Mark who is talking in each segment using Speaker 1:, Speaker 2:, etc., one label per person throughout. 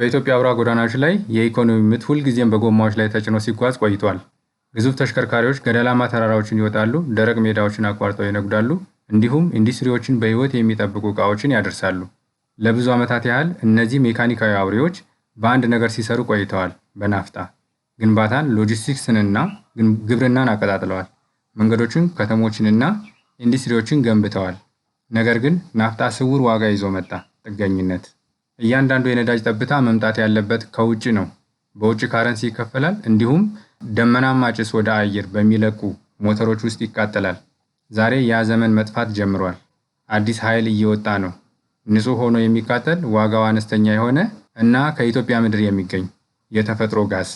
Speaker 1: በኢትዮጵያ አውራ ጎዳናዎች ላይ የኢኮኖሚ ምት ሁልጊዜም በጎማዎች ላይ ተጭኖ ሲጓዝ ቆይቷል። ግዙፍ ተሽከርካሪዎች ገደላማ ተራራዎችን ይወጣሉ፣ ደረቅ ሜዳዎችን አቋርጠው ይነጉዳሉ፣ እንዲሁም ኢንዱስትሪዎችን በሕይወት የሚጠብቁ እቃዎችን ያደርሳሉ። ለብዙ ዓመታት ያህል እነዚህ ሜካኒካዊ አውሬዎች በአንድ ነገር ሲሰሩ ቆይተዋል። በናፍጣ ግንባታን፣ ሎጂስቲክስንና ግብርናን አቀጣጥለዋል። መንገዶችን፣ ከተሞችንና ኢንዱስትሪዎችን ገንብተዋል። ነገር ግን ናፍጣ ስውር ዋጋ ይዞ መጣ፤ ጥገኝነት። እያንዳንዱ የነዳጅ ጠብታ መምጣት ያለበት ከውጭ ነው። በውጭ ካረንሲ ይከፈላል። እንዲሁም ደመናማ ጭስ ወደ አየር በሚለቁ ሞተሮች ውስጥ ይቃጠላል። ዛሬ ያ ዘመን መጥፋት ጀምሯል። አዲስ ኃይል እየወጣ ነው። ንጹህ ሆኖ የሚቃጠል ዋጋው አነስተኛ የሆነ እና ከኢትዮጵያ ምድር የሚገኝ የተፈጥሮ ጋዝ።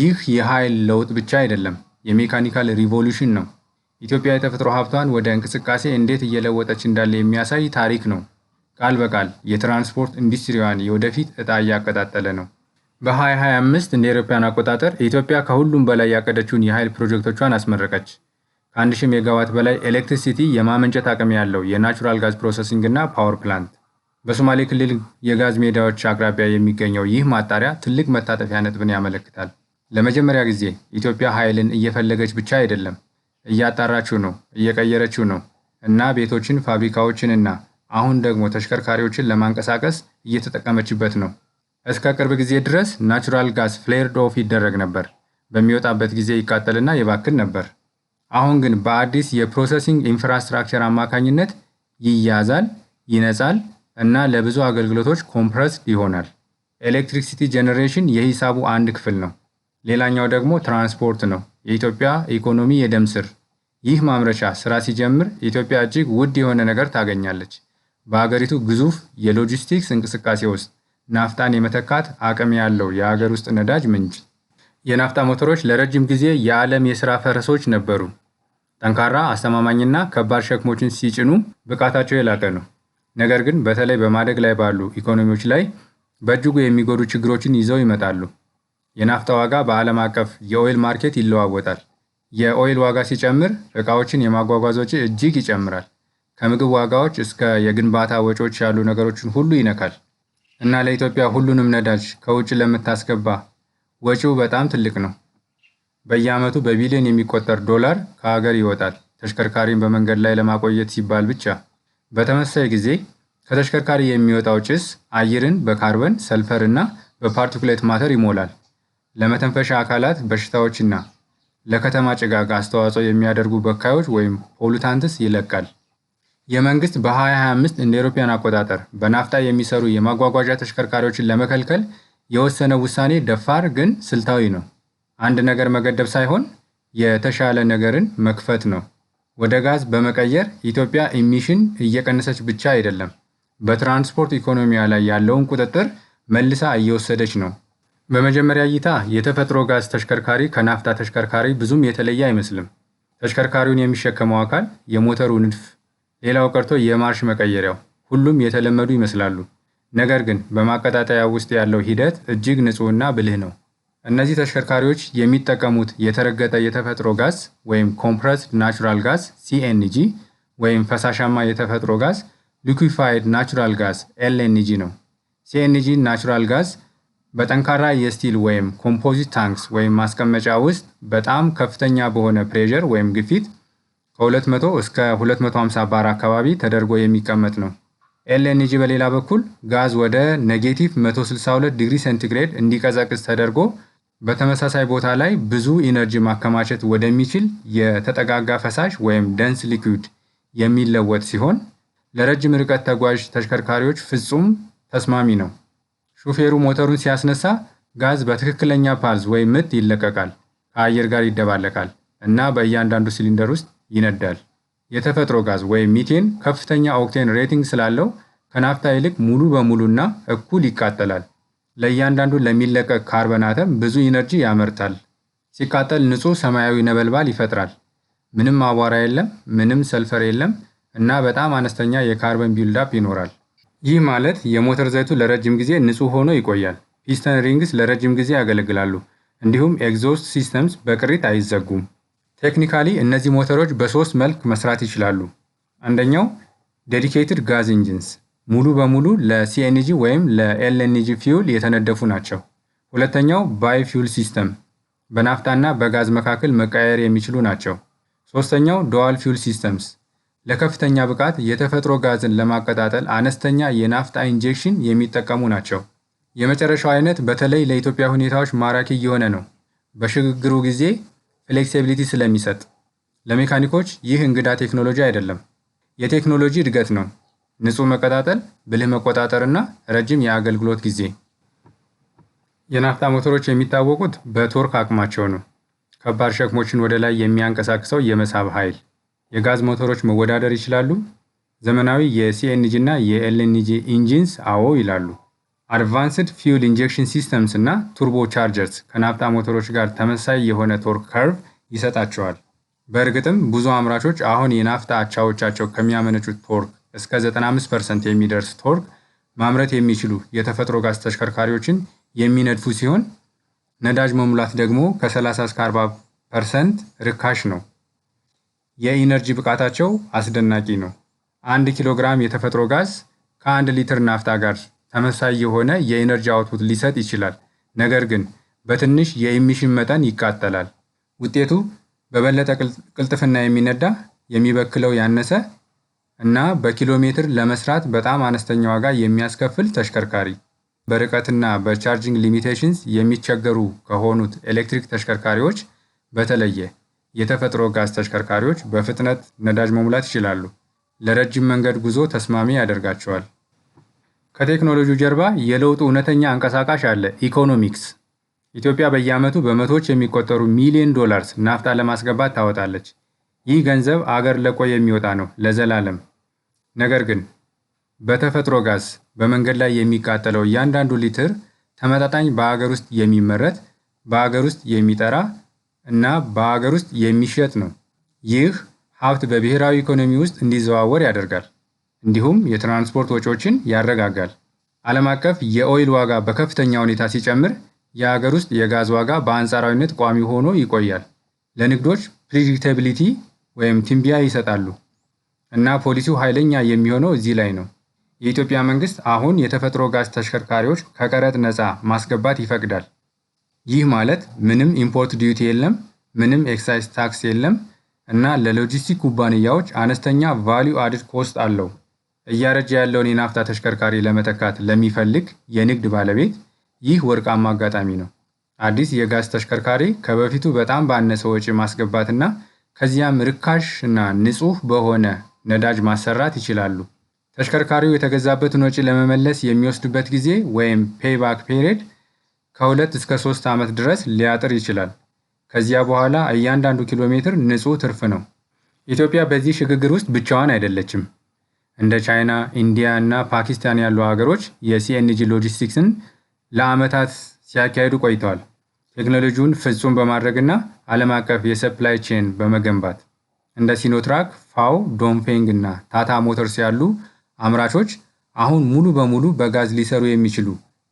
Speaker 1: ይህ የኃይል ለውጥ ብቻ አይደለም፣ የሜካኒካል ሪቮሉሽን ነው። ኢትዮጵያ የተፈጥሮ ሀብቷን ወደ እንቅስቃሴ እንዴት እየለወጠች እንዳለ የሚያሳይ ታሪክ ነው። ቃል በቃል የትራንስፖርት ኢንዱስትሪዋን የወደፊት እጣ እያቀጣጠለ ነው። በ2025 እንደ አውሮፓውያን አቆጣጠር ኢትዮጵያ ከሁሉም በላይ ያቀደችውን የኃይል ፕሮጀክቶቿን አስመረቀች። ከ1000 ሜጋዋት በላይ ኤሌክትሪሲቲ የማመንጨት አቅም ያለው የናቹራል ጋዝ ፕሮሰሲንግ እና ፓወር ፕላንት በሶማሌ ክልል የጋዝ ሜዳዎች አቅራቢያ የሚገኘው ይህ ማጣሪያ ትልቅ መታጠፊያ ነጥብን ያመለክታል። ለመጀመሪያ ጊዜ ኢትዮጵያ ኃይልን እየፈለገች ብቻ አይደለም፣ እያጣራችው ነው፣ እየቀየረችው ነው እና ቤቶችን ፋብሪካዎችንና አሁን ደግሞ ተሽከርካሪዎችን ለማንቀሳቀስ እየተጠቀመችበት ነው። እስከ ቅርብ ጊዜ ድረስ ናቹራል ጋዝ ፍሌርድ ኦፍ ይደረግ ነበር። በሚወጣበት ጊዜ ይቃጠልና ይባክል ነበር። አሁን ግን በአዲስ የፕሮሰሲንግ ኢንፍራስትራክቸር አማካኝነት ይያዛል፣ ይነጻል እና ለብዙ አገልግሎቶች ኮምፕረስድ ይሆናል። ኤሌክትሪክሲቲ ጀነሬሽን የሂሳቡ አንድ ክፍል ነው። ሌላኛው ደግሞ ትራንስፖርት ነው፣ የኢትዮጵያ ኢኮኖሚ የደም ስር። ይህ ማምረቻ ስራ ሲጀምር ኢትዮጵያ እጅግ ውድ የሆነ ነገር ታገኛለች። በሀገሪቱ ግዙፍ የሎጂስቲክስ እንቅስቃሴ ውስጥ ናፍጣን የመተካት አቅም ያለው የሀገር ውስጥ ነዳጅ ምንጭ። የናፍጣ ሞተሮች ለረጅም ጊዜ የዓለም የሥራ ፈረሶች ነበሩ። ጠንካራ፣ አስተማማኝና ከባድ ሸክሞችን ሲጭኑ ብቃታቸው የላቀ ነው። ነገር ግን በተለይ በማደግ ላይ ባሉ ኢኮኖሚዎች ላይ በእጅጉ የሚጎዱ ችግሮችን ይዘው ይመጣሉ። የናፍጣ ዋጋ በዓለም አቀፍ የኦይል ማርኬት ይለዋወጣል። የኦይል ዋጋ ሲጨምር ዕቃዎችን የማጓጓዝ ወጪ እጅግ ይጨምራል። ከምግብ ዋጋዎች እስከ የግንባታ ወጪዎች ያሉ ነገሮችን ሁሉ ይነካል። እና ለኢትዮጵያ ሁሉንም ነዳጅ ከውጭ ለምታስገባ ወጪው በጣም ትልቅ ነው። በየዓመቱ በቢሊዮን የሚቆጠር ዶላር ከሀገር ይወጣል ተሽከርካሪን በመንገድ ላይ ለማቆየት ሲባል ብቻ። በተመሳሳይ ጊዜ ከተሽከርካሪ የሚወጣው ጭስ አየርን በካርበን፣ ሰልፈር እና በፓርቲኩሌት ማተር ይሞላል። ለመተንፈሻ አካላት በሽታዎችና ለከተማ ጭጋግ አስተዋጽኦ የሚያደርጉ በካዮች ወይም ፖሉታንትስ ይለቃል። የመንግስት በ2025 እንደ አውሮፓውያን አቆጣጠር በናፍጣ የሚሰሩ የማጓጓዣ ተሽከርካሪዎችን ለመከልከል የወሰነ ውሳኔ ደፋር ግን ስልታዊ ነው። አንድ ነገር መገደብ ሳይሆን የተሻለ ነገርን መክፈት ነው። ወደ ጋዝ በመቀየር ኢትዮጵያ ኢሚሽን እየቀነሰች ብቻ አይደለም፣ በትራንስፖርት ኢኮኖሚያ ላይ ያለውን ቁጥጥር መልሳ እየወሰደች ነው። በመጀመሪያ እይታ የተፈጥሮ ጋዝ ተሽከርካሪ ከናፍጣ ተሽከርካሪ ብዙም የተለየ አይመስልም። ተሽከርካሪውን የሚሸከመው አካል የሞተሩ ንድፍ ሌላው ቀርቶ የማርሽ መቀየሪያው ሁሉም የተለመዱ ይመስላሉ። ነገር ግን በማቀጣጠያ ውስጥ ያለው ሂደት እጅግ ንጹህና ብልህ ነው። እነዚህ ተሽከርካሪዎች የሚጠቀሙት የተረገጠ የተፈጥሮ ጋዝ ወይም ኮምፕረስድ ናቹራል ጋዝ ሲኤንጂ ወይም ፈሳሻማ የተፈጥሮ ጋዝ ሊኩፋይድ ናቹራል ጋዝ ኤልኤንጂ ነው። ሲኤንጂ ናቹራል ጋዝ በጠንካራ የስቲል ወይም ኮምፖዚት ታንክስ ወይም ማስቀመጫ ውስጥ በጣም ከፍተኛ በሆነ ፕሬዠር ወይም ግፊት ከ200 እስከ 250 ባር አካባቢ ተደርጎ የሚቀመጥ ነው። ኤልኤንጂ በሌላ በኩል ጋዝ ወደ ኔጌቲቭ 162 ዲግሪ ሴንቲግሬድ እንዲቀዘቅዝ ተደርጎ በተመሳሳይ ቦታ ላይ ብዙ ኢነርጂ ማከማቸት ወደሚችል የተጠጋጋ ፈሳሽ ወይም ደንስ ሊኩድ የሚለወጥ ሲሆን ለረጅም ርቀት ተጓዥ ተሽከርካሪዎች ፍጹም ተስማሚ ነው። ሹፌሩ ሞተሩን ሲያስነሳ ጋዝ በትክክለኛ ፓልዝ ወይም ምት ይለቀቃል፣ ከአየር ጋር ይደባለቃል እና በእያንዳንዱ ሲሊንደር ውስጥ ይነዳል። የተፈጥሮ ጋዝ ወይም ሚቴን ከፍተኛ ኦክቴን ሬቲንግ ስላለው ከናፍታ ይልቅ ሙሉ በሙሉና እኩል ይቃጠላል። ለእያንዳንዱ ለሚለቀቅ ካርበን አተም ብዙ ኢነርጂ ያመርታል። ሲቃጠል ንጹህ ሰማያዊ ነበልባል ይፈጥራል። ምንም አቧራ የለም፣ ምንም ሰልፈር የለም እና በጣም አነስተኛ የካርበን ቢልዳፕ ይኖራል። ይህ ማለት የሞተር ዘይቱ ለረጅም ጊዜ ንጹህ ሆኖ ይቆያል። ፒስተን ሪንግስ ለረጅም ጊዜ ያገለግላሉ። እንዲሁም ኤግዞስት ሲስተምስ በቅሪት አይዘጉም። ቴክኒካሊ እነዚህ ሞተሮች በሶስት መልክ መስራት ይችላሉ። አንደኛው ዴዲኬትድ ጋዝ ኢንጂንስ ሙሉ በሙሉ ለሲኤንጂ ወይም ለኤልኤንጂ ፊውል የተነደፉ ናቸው። ሁለተኛው ባይ ፊውል ሲስተም በናፍጣና በጋዝ መካከል መቀየር የሚችሉ ናቸው። ሶስተኛው ዶዋል ፊውል ሲስተምስ ለከፍተኛ ብቃት የተፈጥሮ ጋዝን ለማቀጣጠል አነስተኛ የናፍጣ ኢንጀክሽን የሚጠቀሙ ናቸው። የመጨረሻው አይነት በተለይ ለኢትዮጵያ ሁኔታዎች ማራኪ እየሆነ ነው። በሽግግሩ ጊዜ ፍሌክሲቢሊቲ ስለሚሰጥ ለሜካኒኮች ይህ እንግዳ ቴክኖሎጂ አይደለም። የቴክኖሎጂ እድገት ነው። ንጹህ መቀጣጠል፣ ብልህ መቆጣጠር እና ረጅም የአገልግሎት ጊዜ። የናፍጣ ሞተሮች የሚታወቁት በቶርክ አቅማቸው ነው። ከባድ ሸክሞችን ወደ ላይ የሚያንቀሳቅሰው የመሳብ ኃይል። የጋዝ ሞተሮች መወዳደር ይችላሉ? ዘመናዊ የሲኤንጂ እና የኤልኤንጂ ኢንጂንስ አዎ ይላሉ። አድቫንስድ ፊውል ኢንጀክሽን ሲስተምስ እና ቱርቦ ቻርጀርስ ከናፍጣ ሞተሮች ጋር ተመሳሳይ የሆነ ቶርክ ከርቭ ይሰጣቸዋል። በእርግጥም ብዙ አምራቾች አሁን የናፍጣ አቻዎቻቸው ከሚያመነጩት ቶርክ እስከ 95% የሚደርስ ቶርክ ማምረት የሚችሉ የተፈጥሮ ጋዝ ተሽከርካሪዎችን የሚነድፉ ሲሆን ነዳጅ መሙላት ደግሞ ከ30 እስከ 40% ርካሽ ነው። የኢነርጂ ብቃታቸው አስደናቂ ነው። አንድ ኪሎ ግራም የተፈጥሮ ጋዝ ከአንድ ሊትር ናፍጣ ጋር ተመሳይ የሆነ የኢነርጂ አውትፑት ሊሰጥ ይችላል፣ ነገር ግን በትንሽ የኢሚሽን መጠን ይቃጠላል። ውጤቱ በበለጠ ቅልጥፍና የሚነዳ የሚበክለው ያነሰ እና በኪሎ ሜትር ለመስራት በጣም አነስተኛ ዋጋ የሚያስከፍል ተሽከርካሪ። በርቀትና በቻርጅንግ ሊሚቴሽንስ የሚቸገሩ ከሆኑት ኤሌክትሪክ ተሽከርካሪዎች በተለየ የተፈጥሮ ጋዝ ተሽከርካሪዎች በፍጥነት ነዳጅ መሙላት ይችላሉ፣ ለረጅም መንገድ ጉዞ ተስማሚ ያደርጋቸዋል። ከቴክኖሎጂው ጀርባ የለውጡ እውነተኛ አንቀሳቃሽ አለ። ኢኮኖሚክስ ኢትዮጵያ በየዓመቱ በመቶዎች የሚቆጠሩ ሚሊዮን ዶላርስ ናፍጣ ለማስገባት ታወጣለች። ይህ ገንዘብ አገር ለቆ የሚወጣ ነው ለዘላለም። ነገር ግን በተፈጥሮ ጋዝ በመንገድ ላይ የሚቃጠለው እያንዳንዱ ሊትር ተመጣጣኝ በአገር ውስጥ የሚመረት በአገር ውስጥ የሚጠራ እና በአገር ውስጥ የሚሸጥ ነው። ይህ ሀብት በብሔራዊ ኢኮኖሚ ውስጥ እንዲዘዋወር ያደርጋል። እንዲሁም የትራንስፖርት ወጪዎችን ያረጋጋል። ዓለም አቀፍ የኦይል ዋጋ በከፍተኛ ሁኔታ ሲጨምር የሀገር ውስጥ የጋዝ ዋጋ በአንጻራዊነት ቋሚ ሆኖ ይቆያል። ለንግዶች ፕሪዲክተቢሊቲ ወይም ትንበያ ይሰጣሉ እና ፖሊሲው ኃይለኛ የሚሆነው እዚህ ላይ ነው። የኢትዮጵያ መንግስት አሁን የተፈጥሮ ጋዝ ተሽከርካሪዎች ከቀረጥ ነፃ ማስገባት ይፈቅዳል። ይህ ማለት ምንም ኢምፖርት ዲዩቲ የለም፣ ምንም ኤክሳይዝ ታክስ የለም እና ለሎጂስቲክ ኩባንያዎች አነስተኛ ቫሊዩ አድድ ኮስት አለው። እያረጀ ያለውን የናፍታ ተሽከርካሪ ለመተካት ለሚፈልግ የንግድ ባለቤት ይህ ወርቃማ አጋጣሚ ነው። አዲስ የጋዝ ተሽከርካሪ ከበፊቱ በጣም ባነሰ ወጪ ማስገባትና ከዚያም ርካሽ እና ንጹህ በሆነ ነዳጅ ማሰራት ይችላሉ። ተሽከርካሪው የተገዛበትን ወጪ ለመመለስ የሚወስድበት ጊዜ ወይም ፔይባክ ፔሪድ ከሁለት እስከ ሶስት ዓመት ድረስ ሊያጥር ይችላል። ከዚያ በኋላ እያንዳንዱ ኪሎ ሜትር ንጹህ ትርፍ ነው። ኢትዮጵያ በዚህ ሽግግር ውስጥ ብቻዋን አይደለችም። እንደ ቻይና፣ ኢንዲያ እና ፓኪስታን ያሉ ሀገሮች የሲኤንጂ ሎጂስቲክስን ለዓመታት ሲያካሂዱ ቆይተዋል። ቴክኖሎጂውን ፍጹም በማድረግና ዓለም አቀፍ የሰፕላይ ቼን በመገንባት እንደ ሲኖትራክ፣ ፋው፣ ዶንፌንግ እና ታታ ሞተርስ ያሉ አምራቾች አሁን ሙሉ በሙሉ በጋዝ ሊሰሩ የሚችሉ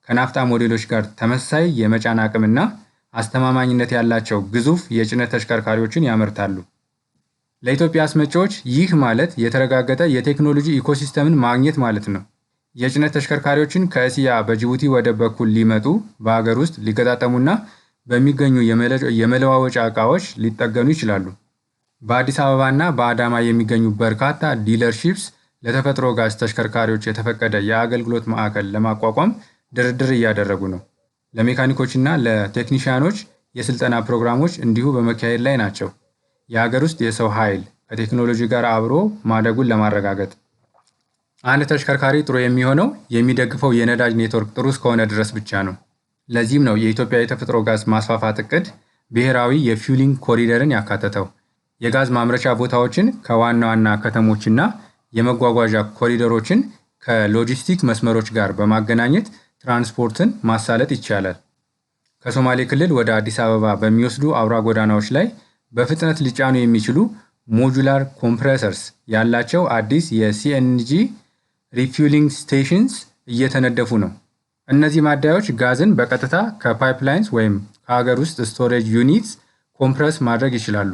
Speaker 1: ከናፍጣ ሞዴሎች ጋር ተመሳሳይ የመጫን አቅምና አስተማማኝነት ያላቸው ግዙፍ የጭነት ተሽከርካሪዎችን ያመርታሉ። ለኢትዮጵያ አስመጪዎች ይህ ማለት የተረጋገጠ የቴክኖሎጂ ኢኮሲስተምን ማግኘት ማለት ነው። የጭነት ተሽከርካሪዎችን ከእስያ በጅቡቲ ወደብ በኩል ሊመጡ፣ በሀገር ውስጥ ሊገጣጠሙና በሚገኙ የመለዋወጫ እቃዎች ሊጠገኑ ይችላሉ። በአዲስ አበባና በአዳማ የሚገኙ በርካታ ዲለርሺፕስ ለተፈጥሮ ጋዝ ተሽከርካሪዎች የተፈቀደ የአገልግሎት ማዕከል ለማቋቋም ድርድር እያደረጉ ነው። ለሜካኒኮችና ለቴክኒሽያኖች የስልጠና ፕሮግራሞች እንዲሁ በመካሄድ ላይ ናቸው። የሀገር ውስጥ የሰው ኃይል ከቴክኖሎጂ ጋር አብሮ ማደጉን ለማረጋገጥ አንድ ተሽከርካሪ ጥሩ የሚሆነው የሚደግፈው የነዳጅ ኔትወርክ ጥሩ እስከሆነ ድረስ ብቻ ነው። ለዚህም ነው የኢትዮጵያ የተፈጥሮ ጋዝ ማስፋፋት እቅድ ብሔራዊ የፊውሊንግ ኮሪደርን ያካተተው። የጋዝ ማምረቻ ቦታዎችን ከዋና ዋና ከተሞችና የመጓጓዣ ኮሪደሮችን ከሎጂስቲክ መስመሮች ጋር በማገናኘት ትራንስፖርትን ማሳለጥ ይቻላል። ከሶማሌ ክልል ወደ አዲስ አበባ በሚወስዱ አውራ ጎዳናዎች ላይ በፍጥነት ሊጫኑ የሚችሉ ሞጁላር ኮምፕረሰርስ ያላቸው አዲስ የሲኤንጂ ሪፊውሊንግ ስቴሽንስ እየተነደፉ ነው። እነዚህ ማደያዎች ጋዝን በቀጥታ ከፓይፕላይንስ ወይም ከሀገር ውስጥ ስቶሬጅ ዩኒትስ ኮምፕረስ ማድረግ ይችላሉ።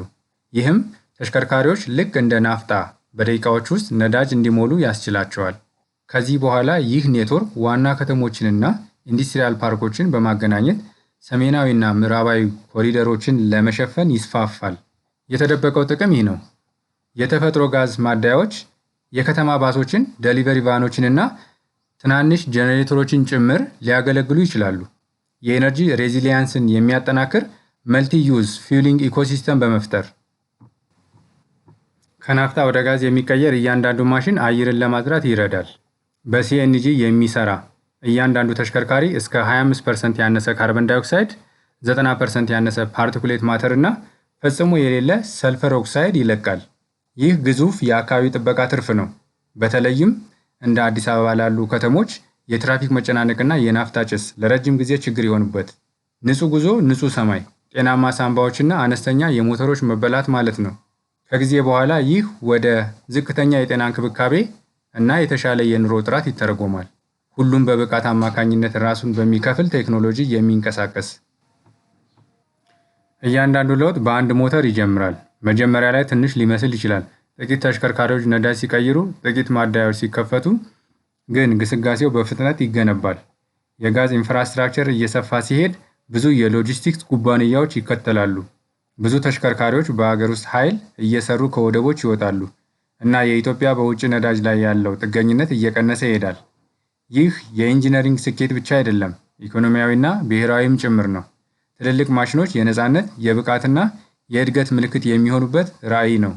Speaker 1: ይህም ተሽከርካሪዎች ልክ እንደ ናፍጣ በደቂቃዎች ውስጥ ነዳጅ እንዲሞሉ ያስችላቸዋል። ከዚህ በኋላ ይህ ኔትወርክ ዋና ከተሞችንና ኢንዱስትሪያል ፓርኮችን በማገናኘት ሰሜናዊና ምዕራባዊ ኮሪደሮችን ለመሸፈን ይስፋፋል። የተደበቀው ጥቅም ይህ ነው። የተፈጥሮ ጋዝ ማደያዎች የከተማ ባሶችን፣ ደሊቨሪ ቫኖችንና ትናንሽ ጄኔሬተሮችን ጭምር ሊያገለግሉ ይችላሉ። የኤነርጂ ሬዚሊያንስን የሚያጠናክር መልቲ ዩዝ ፊውሊንግ ኢኮሲስተም በመፍጠር ከናፍታ ወደ ጋዝ የሚቀየር እያንዳንዱ ማሽን አየርን ለማጽዳት ይረዳል። በሲኤንጂ የሚሰራ እያንዳንዱ ተሽከርካሪ እስከ 25 ፐርሰንት ያነሰ ካርበን ዳይኦክሳይድ፣ 90 ፐርሰንት ያነሰ ፓርቲኩሌት ማተር እና ፈጽሞ የሌለ ሰልፈር ኦክሳይድ ይለቃል። ይህ ግዙፍ የአካባቢ ጥበቃ ትርፍ ነው። በተለይም እንደ አዲስ አበባ ላሉ ከተሞች የትራፊክ መጨናነቅና የናፍታ ጭስ ለረጅም ጊዜ ችግር የሆኑበት። ንጹህ ጉዞ፣ ንጹህ ሰማይ፣ ጤናማ ሳንባዎችና አነስተኛ የሞተሮች መበላት ማለት ነው። ከጊዜ በኋላ ይህ ወደ ዝቅተኛ የጤና እንክብካቤ እና የተሻለ የኑሮ ጥራት ይተረጎማል። ሁሉም በብቃት አማካኝነት ራሱን በሚከፍል ቴክኖሎጂ የሚንቀሳቀስ። እያንዳንዱ ለውጥ በአንድ ሞተር ይጀምራል። መጀመሪያ ላይ ትንሽ ሊመስል ይችላል። ጥቂት ተሽከርካሪዎች ነዳጅ ሲቀይሩ፣ ጥቂት ማደያዎች ሲከፈቱ፣ ግን ግስጋሴው በፍጥነት ይገነባል። የጋዝ ኢንፍራስትራክቸር እየሰፋ ሲሄድ፣ ብዙ የሎጂስቲክስ ኩባንያዎች ይከተላሉ። ብዙ ተሽከርካሪዎች በአገር ውስጥ ኃይል እየሰሩ ከወደቦች ይወጣሉ፣ እና የኢትዮጵያ በውጭ ነዳጅ ላይ ያለው ጥገኝነት እየቀነሰ ይሄዳል። ይህ የኢንጂነሪንግ ስኬት ብቻ አይደለም፣ ኢኮኖሚያዊና ብሔራዊም ጭምር ነው። ትልልቅ ማሽኖች የነፃነት፣ የብቃትና የእድገት ምልክት የሚሆኑበት ራዕይ ነው።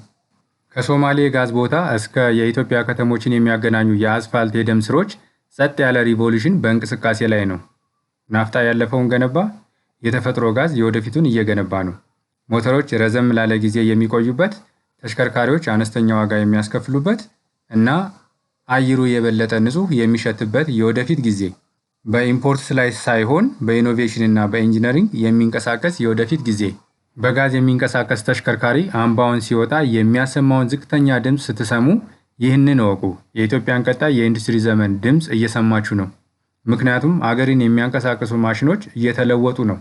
Speaker 1: ከሶማሌ የጋዝ ቦታ እስከ የኢትዮጵያ ከተሞችን የሚያገናኙ የአስፋልት የደም ስሮች ጸጥ ያለ ሪቮሉሽን በእንቅስቃሴ ላይ ነው። ናፍጣ ያለፈውን ገነባ፣ የተፈጥሮ ጋዝ የወደፊቱን እየገነባ ነው። ሞተሮች ረዘም ላለ ጊዜ የሚቆዩበት፣ ተሽከርካሪዎች አነስተኛ ዋጋ የሚያስከፍሉበት እና አየሩ የበለጠ ንጹህ የሚሸትበት የወደፊት ጊዜ በኢምፖርት ላይ ሳይሆን እና በኢንጂነሪንግ የሚንቀሳቀስ የወደፊት ጊዜ በጋዝ የሚንቀሳቀስ ተሽከርካሪ አምባውን ሲወጣ የሚያሰማውን ዝቅተኛ ድምፅ ስትሰሙ ይህንን እወቁ። የኢትዮጵያን ቀጣይ የኢንዱስትሪ ዘመን ድምፅ እየሰማችሁ ነው። ምክንያቱም አገርን የሚያንቀሳቅሱ ማሽኖች እየተለወጡ ነው።